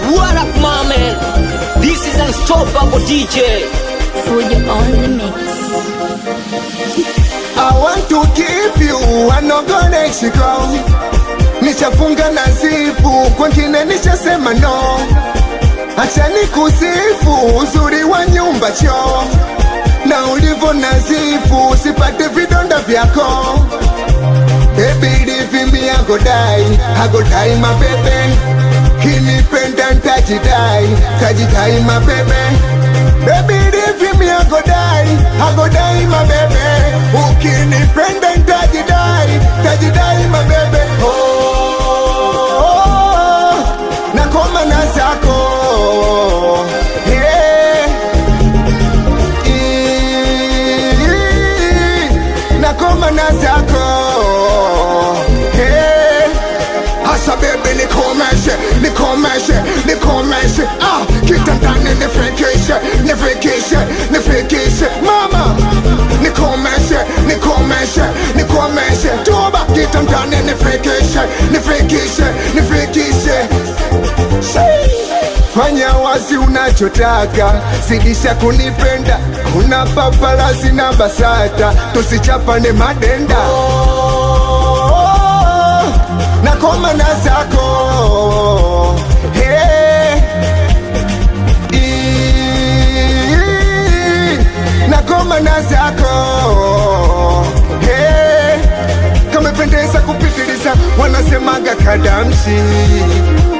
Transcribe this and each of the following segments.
What up, my man? This is Unstoppable DJ. Fuji on the mix. I want to keep you, I'm not gonna let you go. Nishafunga na zipu, kwengine nishasema no. Acha nikusifu uzuri wa nyumba cho na ulivyo nazifu, sipate vidonda vyako. Baby, leave me, I go die, I go die, my baby kinipenda ntajidai, tajidai mabebe bebi livimi agodai agodai mabebe ukinipenda die, tajidai mabebe oh, oh, oh, nakoma na zako yeah. nakoma na zako yeah komeische, ne komeische, ne komeische Ah, geht dann dann in ne fränkische, ne fränkische, ne fränkische Mama, ne komeische, ne komeische, ne komeische Toba, geht dann dann in ne fränkische, ne fränkische, ne fränkische Fanya wazi unachotaka, zidisha kunipenda, kuna paparazzi na BASATA, tusichapane madenda oh na komanda zako hey. zako hey. Kamependeza kupitiliza, wanasemaga kadamshi,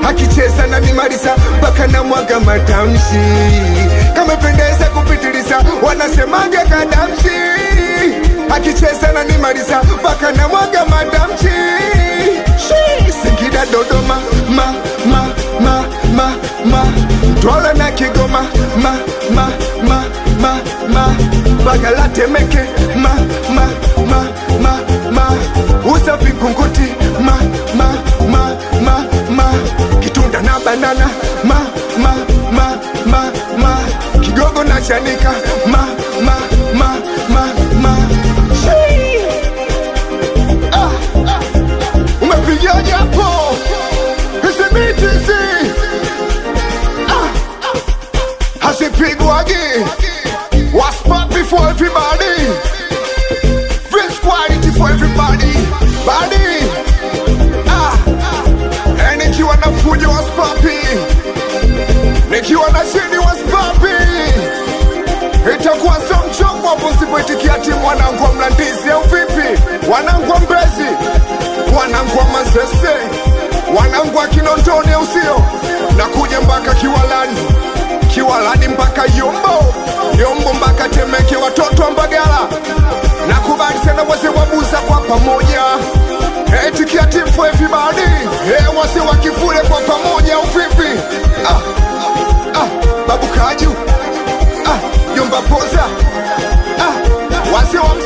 akicheza na mimarisa mpaka na mwaga matamshi. Kamependeza kupitiliza, wanasemaga kadamshi, akicheza na mimarisa mpaka na mwaga matamshi Temeke ma ma ma ma ma usafi Kunguti ma ma ma ma ma Kitunda na banana ma ma ma ma ma Kigogo na Shanika ma ma ma ma ma ah, ah. Umepigia japo hisimitizi ah, ah. hasipigwagi for everybody. Brings quality for everybody. Body. Ah. ah. Eh, Nikiwa na you was you Nikiwa na shini was papi. Itakuwa somchongo hapo usipoitikia timu wanangu wa Mlandizi au vipi? Wanangu wa Mbezi, wanangu wa Mazese, wanangu wa Kinondoni au sio? Temeke, watoto Mbagala na kubali sana wazee wa Buza kwa pamoja, eti kia timu for everybody, eh, wazee wa Kivule kwa pamoja uvipi ah, ah, ah, babu Kaju, ah, yumba Poza, ah, wazee wa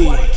key.